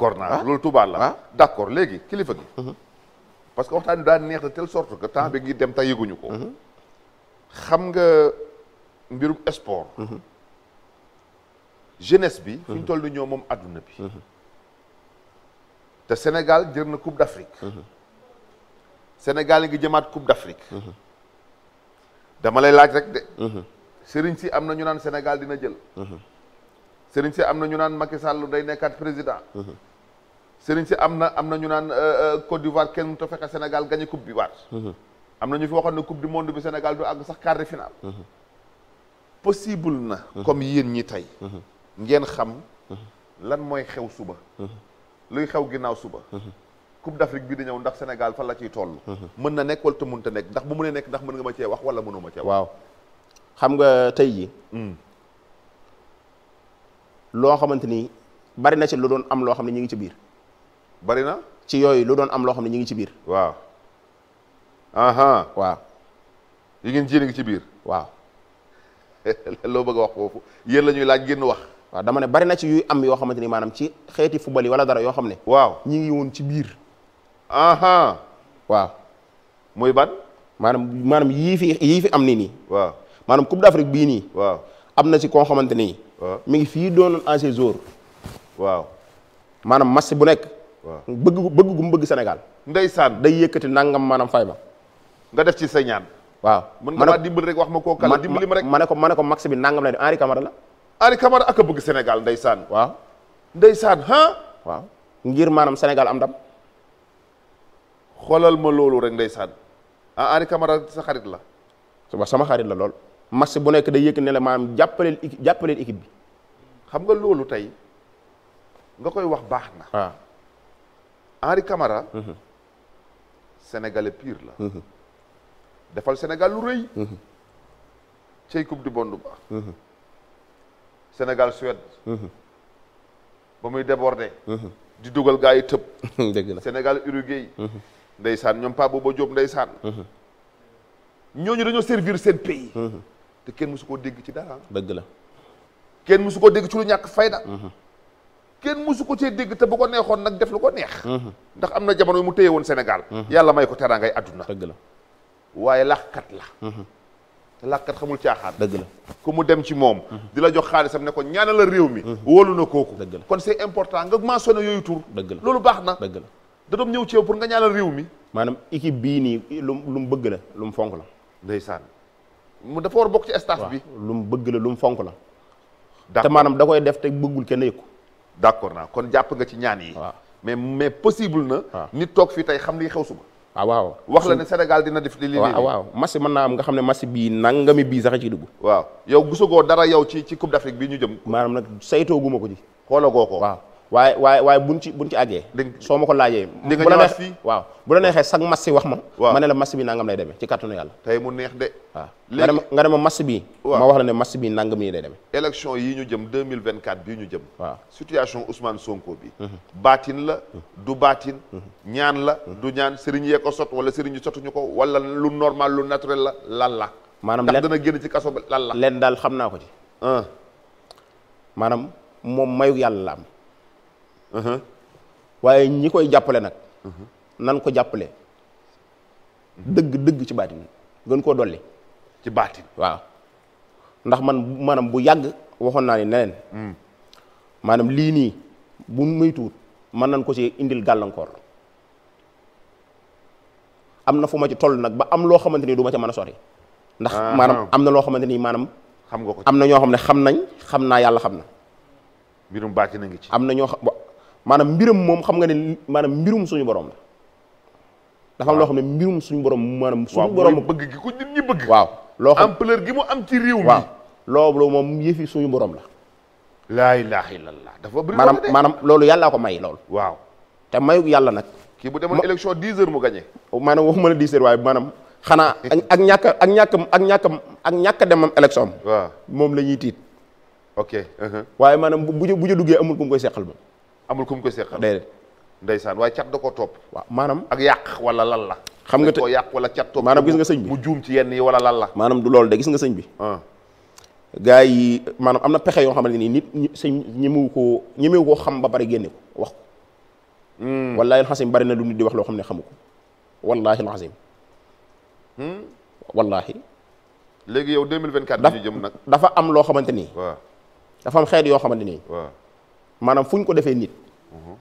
accord naa ah. loolu Touba la ah. d' accord léegi kilifa gi mhm. parce que waxtaan bi daan neex de telle sorte que temps bi ngi dem te yëguñu ko mhm. xam nga mbirum sport mhm. jeunesse bi fi ñu toll ni ñoo moom àdduna bi te Sénégal jër na Coupe d' Sénégal ngi jëmaat Coupe d' dama lay laaj rek de sëriñ si am na ñu naan Sénégal dina jël sëriñ si am na ñu naan Macky Sall day nekkaat président sëriñ si am na am na ñu naan euh, euh, Côte d'Ivoire kenn mënut a fexe Sénégal gagné coupe bi waat. Mhm. am na ñu fi waxoon ne coupe du bi Sénégal du àgg sax quart de finale. Mhm. possible na. Mhm. comme yéen ñi tey. ngeen xam lan mooy xew suba. luy xew ginnaaw suba. coupe d'Afrique bii di ñëw ndax Sénégal fan la ciy toll. mën na nekkool wala te mënut a nekk ndax bu mënee nekk ndax mën nga ma cee wax wala mënoo ma cee waaw xam nga tey jii. Mm. loo xamante ni bari na ci lu doon am loo xam ne ñu ngi ci biir. bari na ci yooyu lu doon am loo xam ne ñu ngi ci biir waaw aha waaw yi ngeen ci biir waaw loo bëgg a wax foofu yéen la ñuy laaj génn wax waaw dama ne bari na ci yuy am yoo xamante ni maanaam ci xeeti football yi wala dara yoo xam ne waaw ñi ngi woon ci biir aha waaw muy ban maanaam maanaam yii fi yii fi am nii nii waaw maanaam coupe d'Afrique bii nii waaw am na ci koo xamante ni mi ngi fii doon ancien joueur waaw maanaam match bu nekk waaw bëgg bëgg gu bëgg senegal ndeysaan day yëkkati nangam maanaam fay ma. nga def ci sa ñaan. waaw mën nga maa dimbali rek wax ma koo kala dimbali ma rek ma ne ko ma ko max bi nangam la ne Henri Camara a bëgg Sénégal ndeysaan. waaw ndeysaan ah. waaw maanaam Sénégal am xoolal ma loolu rek ndeysaan ah Henri sa xarit la. suba sama xarit la lool. match bu nekk day yëkkati ne la maanaam jàppaleel équipe jàppaleel équipe bi. xam nga loolu tey nga koy wax baax na. Henri Camara. sénégalais pire la. defal Sénégal lu rëy. cey coupe du monde ba. Sénégal Suède. ba muy déborder. di dugal gars yi tëb. la Sénégal Uruguay. ndeysaan ñoom Paa Booba Diop ndeysaan. ñooñu dañoo servir seen pays. Uhuh. te kenn mësu koo dégg ci dara. dëgg kenn mësu koo dégg ci lu ñàkk fayda. kenn musu ko cee dégg te bu ko neexoon nag def lu ko neex mhm. ndax am na jamono yi mu téye woon Sénégal mhm. yàlla may ko teraangay àdduna dëgg la waaye làkkat la mhm. te làkkat xamul caaxaan dëgg la ku mu dem ci moom di la jox xaalisam ne ko ñaanal la réew mi wóolu na kooku dëgg kon c'est important nga mentionné yooyu tur dëgg la loolu baax na dëgg la da doon ñëw ci pour nga ñaanal réew mi maanaam équipe bii nii lu lu mu bëgg la lu mu fonk la ndeysaan mu dafa war bokk ci staff bi lu mu bëgg la lu mu fonk la te maanaam da koy def te bëggul kenn yëg ko d'accord naa kon jàpp nga ci ñaan yi. mais mais possible na. nit toog fii tey xam li xew suba. Ah, waaw wax la ne Sénégal dina def. li li waaw waaw match mën naa am nga xam ne match bii nangami bii sax ci dugg. waaw yow gisagoo dara yow ci ci Coupe d'Afrique bii ñu jëm. maanaam nag saytoo guma ko ji. xoolagoo ko waaw. waaye waaye waaye buñ ci buñ ci àggee soo ma ko laajee bu la neexee waaw bu la neexee sag mas wax ma ma ne la mas bi nangam lay demee ci kàttanu yàlla tey mu neex de waaw nga dema mas bi ma wax la ne mas bi nangam yi lay demee élection yi ñu jëm 2024 bii ñu jëm waaw situation Ousmane Sonko bi mhm. baatin la mhm. du baatin mhm. ñaan la du ñaan sëriñ yee ko sot wala sëriñ yi sotuñu ko wala lu normal lu naturel la lan la maanaam ndax dana génn ci kaso lan la leen daal xam naa ko ci maanaam moom mayu yàlla la am Uh-huh. waaye ñi koy jàppale nag uh-huh. nan ko jàppale dëgg dëgg ci baatin gën koo dolli ci baatin waaw ndax man maanaam bu yàgg waxoon naa ni neneen mm. maanaam lii nii bu muy tuut mën nan ko ci indil gàllankoor am na fu ma ci toll nag ba am loo xamante ni du ma ca mën a sori ndax maanaam am na loo xamante ni maanaam xam nga ko am na ñoo xam ne xam nañ xam naa yàlla xam na am na ñoo xam maanaam mbirum moom xam nga ne maanaam mbirum suñu borom la dafa loo xam ne mbirum suñu borom maanaam suñu borom bëgg gi ko nit waaw loo xam ampleur gi mu am ci réew mi waaw loolu moom yëfi suñu borom la laa ilaha illallah dafa bëri maanaam maanaam loolu yàllaa ko may loolu waaw te mayu yàlla nag kii bu demoon élection dix heures mu gagné maanaam waxuma la dix heures maanaam xanaa ak ñàkk ak ñàkk ak ñàkk ak ñàkk demam élection am waaw moom la ñuy tiit ok uh-huh. waaye maanaam bu bu ja duggee amul ku mu koy seqal moom amul ku mu ko seqal déedéet ndeysaan waaye cat da koo topp waaw maanaam ak yàq wala lal la xam nga te yàq wala cat topp maanaam gis nga sëñ bi mu juum ci yenn yi wala lan la maanaam du loolu de gis nga sëñ bi ah. gaa yi maanaam am na pexe yoo xamante ni nit sëñ ñemewu ko ñemewu koo xam ba bari génne ko wax ko hmm. wallaahi alxasim bari na lu nit di wax loo xam ne xamu ko wallaahi alxasim hmm? wallaahi léegi yow 2024 bi ñu jëm nag dafa am loo xamante nii dafa am xeet yoo xamante nii maanaam fu ñu ko defee nit mhm.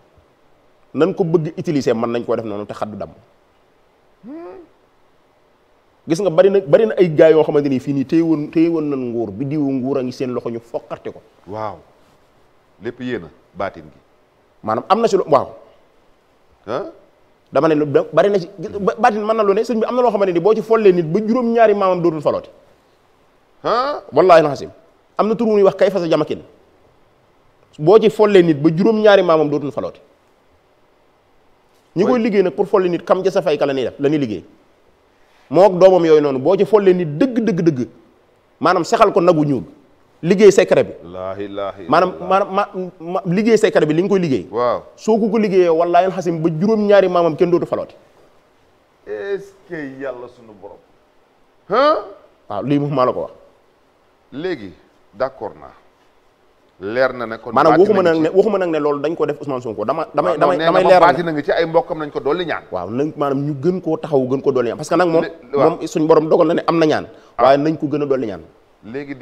nan ko bëgg utiliser mën nañ koo def noonu te xaddu damm gis nga bari na bari na ay gaay yoo xamante ni fii nii téye woon téye woon nan nguur bi diwu nguur a ngi seen loxo ñu foqarte ko waaw lépp yéen a baatin gi maanaam am na si lu waaw dama ne lu bari na ci baatin mën na lu ne sëñ bi am na loo xamante ni boo ci follee nit ba juróom-ñaari maamam dootul falooti wallaahi laxasim am na tur wu ñuy wax kay fa sa jamakin boo ci follee nit ba juróom-ñaari maamam dootul falooti ñi koy liggéey nag pour folle nit xam ca sa fayka la ñuy la ñuy liggéey moo ak doomam yooyu noonu boo ci follee nit dëgg dëgg dëgg maanaam sexal ko nagu ñuul liggéey secret bi maanaam maanaam ma liggéey secret bi li nga koy liggéey waaw soo ko ko liggéeyee wallaahi alxasim ba juróom-ñaari maamam kenn dootu falooti yàlla sunu borom lii moom maa la ko wax léegi leer na ne kon maanaam waxuma nag ne waxuma nag ne loolu dañ ko def Ousmane Sonko dama damay damay damay na ci ay mbokkam nañ ko dolli ñaan waaw maanaam ñu gën koo taxaw gën ko dolli ñaan parce que nag moom moom suñ borom dogal na ne am na ñaan ah. waaye nañ ko gën a dolli ñaan